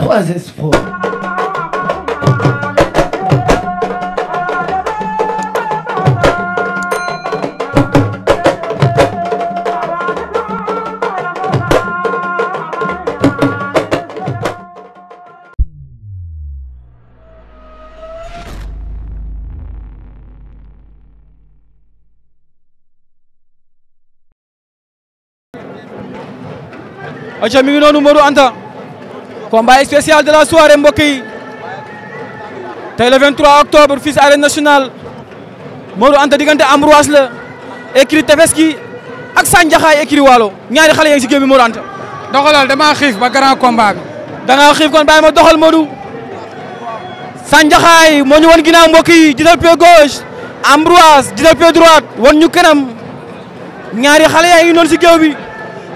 3S Pro. aca mi ngi noonu Modou Anta combat spécial de la soirée mbokk yi tey le 23 octobre fii si arène nationale Modou Anta diggante Ambroise la écrit tefes ak Sane Jaxaay Waalo ñaari xale yaa ngi si géew bi Modou Anta. doxalal damaa xiif ba grand combat bi. da xiif kon bàyyi ma doxal Modou Sane Jaxaay moo ñu wan ginnaaw mbokk yi jiital pied gauche Ambroise jiital pied droite wan ñu kanam ñaari xale yaa ngi noonu si géew bi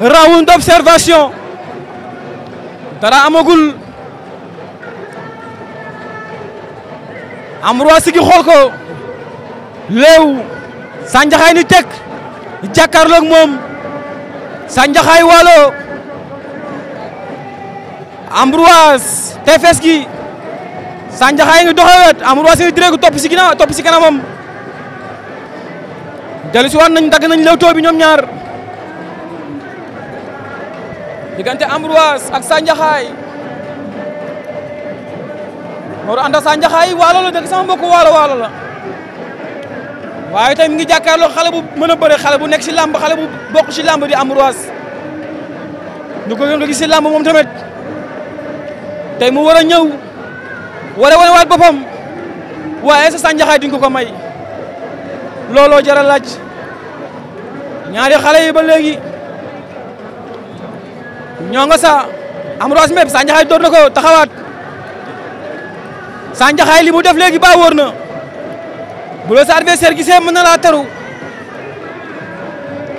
round d'observation. dara amagul am roi sigi xool ko léew sanjaxaay ni tek jàkkaarloog moom sanjaxaay waalo Ambroise tefes gi sanjaxaay ngi doxee wet Ambroise ngi direegu topp si ginnaaw topp si kanamam dellu si nañ dagg nañ lewtoo bi ñoom ñaar gante Ambroise ak Sandiaxaay Mor Anta Sandiaxaay waalo la dëkk sama mbokku waalo waalo la waaye tamit mi ngi jàkkaarloo xale bu mën a bëre xale bu nekk si làmb xale bu bokk si làmb di Ambroise ñu ko gën nga gis si làmb moom tamit tey mu war a ñëw war a wane waat boppam waaye sa Sandiaxaay duñ ko ko may looloo jar a ñaari xale yi ba léegi. ñoo nga sa Ambroise Mep Sa Ndiakhate door na ko li mu def léegi ba wor na bu la sa na laa taru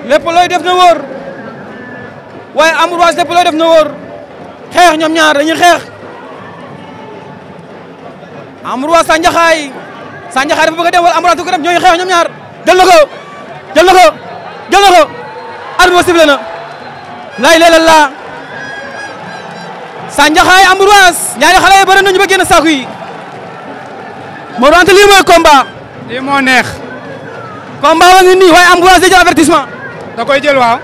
lépp looy def na wóor waaye Ambroise lépp looy def na wóor xeex ñoom ñaar dañuy xeex Ambroise Sa Ndiakhate Sa Ndiakhate dafa bëgg a dem wala Ambroise du ko dem ñooy xeex ñoom ñaar jël na ko jël na ko jël na na lay lay la Sandiakhaaye Ambroise ñaari xale yi bëri nañu ba génn saako yi Modou Anta lii mooy combat. lii moo neex. wa ngi nii waaye Ambroise day jël avertissement. da koy jël waaw.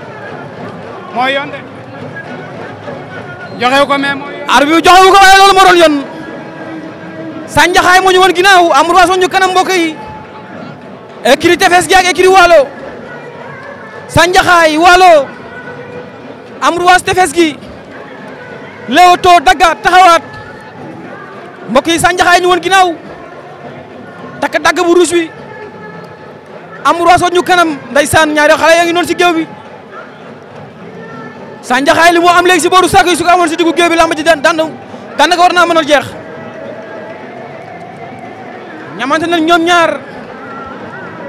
ko mais mooy yoon. ko waaye loolu moo doon yoon. Sandiakhaaye moo ñu woon ginnaaw Ambroise woon ñu kanam mbokk yi. gi ak écurie Waalo. Sandiakhaaye Waalo Ambroise Tefes gi. Leewtoo daggaat taxawaat mbokk yi sànjaxaay ñu woon ginnaaw takk dagg bu ruus bi am roosoo ñu kanam ndeysaan ñaari xale yaa ngi noonu si géew bi sànjaxaay li moo am léegi si booru saako yi su ko amoon si diggu géew bi làmb ci daan daanaka war naa mën a jeex ñamante na ñoom ñaar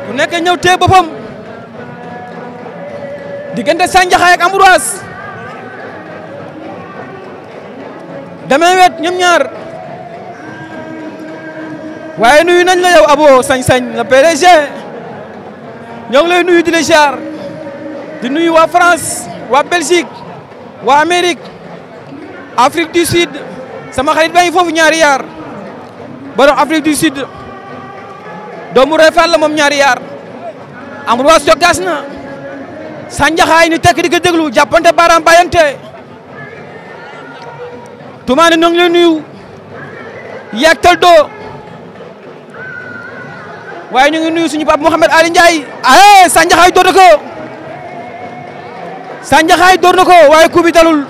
ku nekk ñëw tee boppam diggante sànjaxaay ak Ambroise damay wet ñoom ñaar waaye nuyu nañ la yow abo sañ-sañ la PDG ñoo ngi lay nuyu di la jaar di nuyu waa France waa Belgique waa Amérique Afrique du Sud sama xarit ba foofu ñaari yaar borom Afrique du Sud doomu Réfal la moom ñaari yaar Ambroise jokkaas na sanjaxaay ni tekk di ko déglu jàppante baaraam Toumane ñoo ngi lay nuyu Yakhtal Do waaye ñu ngi nuyu suñu papa Mouhamed Ali Ndiaye ae Sandiakhai door na ko waaye coup bi dalul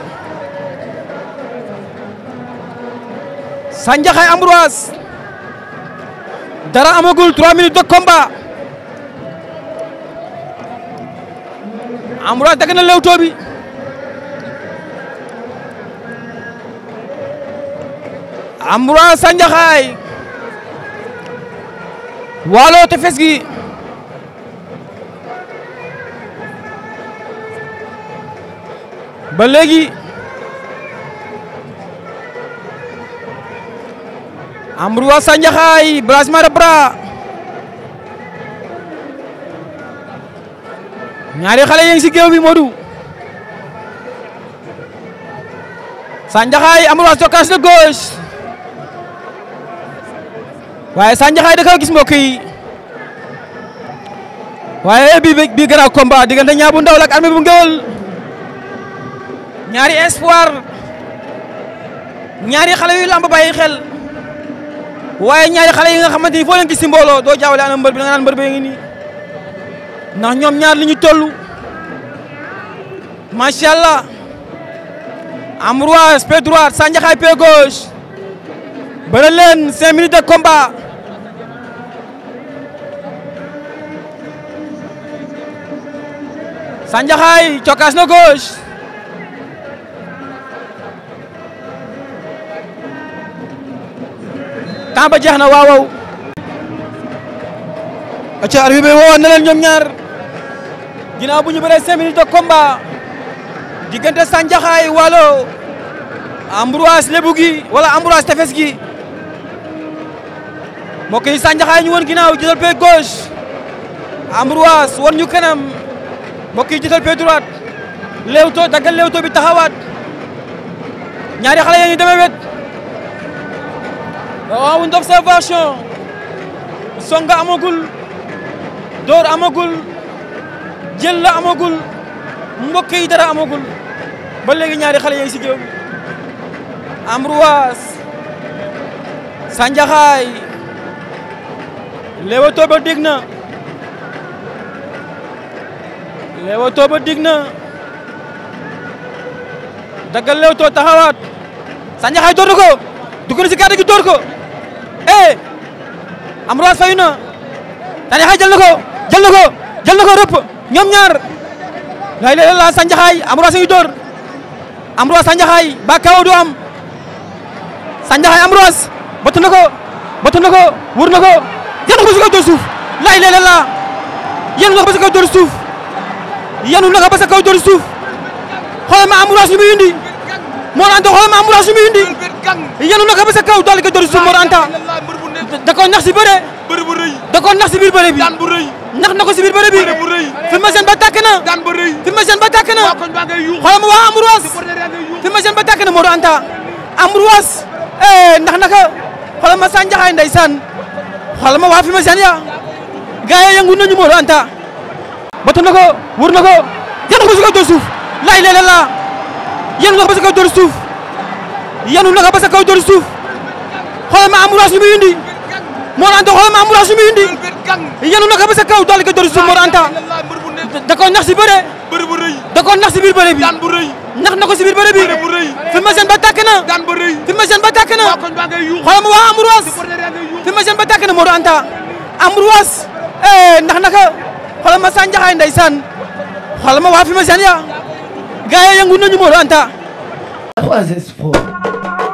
dara amagul 3 minutes de combat Ambroise dagg na Ambroise Sandiaxaay waalo tefes gi ba léegi Ambroise Sandiaxaay blasement de bras ñaari xale yéen si géew bi Modou Sandiaxaay Ambroise jokkaas de gauche waaye Sa Ndiakhaye da gis mbokk yi waaye bi bi grand combat diggante Niang bu Ndaw la ak Armé bu ñaari espoir ñaari xale yu lamb bàyyi xel waaye ñaari xale yi nga xamante ni foo leen gis si mbooloo doo jaawale ana mbër bi da nga naan mbër bi ngi nii ñoom ñaar li ñu toll allah Ambroise pied droit Sa Ndiakhaye gauche bëre leen cinq minutes Sandiakhai cokkaas na gauche temps ba jeex na waaw waaw acca arbitre bi woowaat na ñoom ñaar ginnaaw ñu bëree cinq minutes de combat diggante Sandiakhai Walo Ambroise Lebou gi wala Ambroise Tefes gi mbokk yi Sandiakhai ñu woon ginnaaw jëlal pied gauche Ambroise woon ñu kanam mbokk yi jiital pied droit léewtoo bi taxawaat ñaari xale yaa ngi demee wet oh, waaw une observation songa amagul door amagul jël la amagul mbokk yi dara amagul ba léegi ñaari xale yaa ngi si géew Ambroise Sandiaxaay léewtoo leewtoo ba dig na daggal leewtoo taxawaat Sa Ndiakhate na ko dugg si kàddu gi door ko eh Ambroise fayu na Sa Ndiakhate jël na ko jël na ko jël na ko rëpp ñoom ñaar lay la la Sa Ndiakhate Ambroise ngi door Ambroise ba kaw du am Sa Ndiakhate Ambroise na ko bëtt na ko wër na ko yéen a ko ba si suuf lay la la yéen a ko ba si suuf. yanu na ko ba sa kaw dóor suuf xoolal ma amouras li muy indi Mor Anta xoolal ma amouras li muy indi yanu na ko ba sa kaw dolli ko dóor Anta da ko si bëre da ko nax si biir bëre bi nax na ko si biir bëre bi fi ma seen ba tàkk na fi ma seen ba tàkk na xoolal ma waa amouras fi ma seen ba tàkk na Mor Anta amouras eh nax na ko xoolal ma Sa Ndiakhate ndeysaan xoolal ma waa fi ma seen ya gars Anta batu na ko wër na ko yanu ko ba si kaw door suuf laay léeg-léeg laa yanu na ko ba si kaw door suuf yanu na ko ba si kaw door suuf xoolal ma ambulance yu muy indi Mor Anta xoolal ma ambulance yu muy indi yanu na ko ba si kaw dolli ko door Anta da nax si bëre. bëre bu rëy da koo nax si biir bëre bi bu rëy. nax na ko si biir bëre bi bu rëy. fi ma seen ba tàkk na daan bu rëy. fi ma seen ba tàkk na xoolal ma waa ambulance fi ma seen ba tàkk na Anta ambulance eh nax na xoolal ma Sane Ndiakhaye ndeysaan xoolal ma waa fi ma seen yaa gars yi yëngu nañu Modou Anta. 3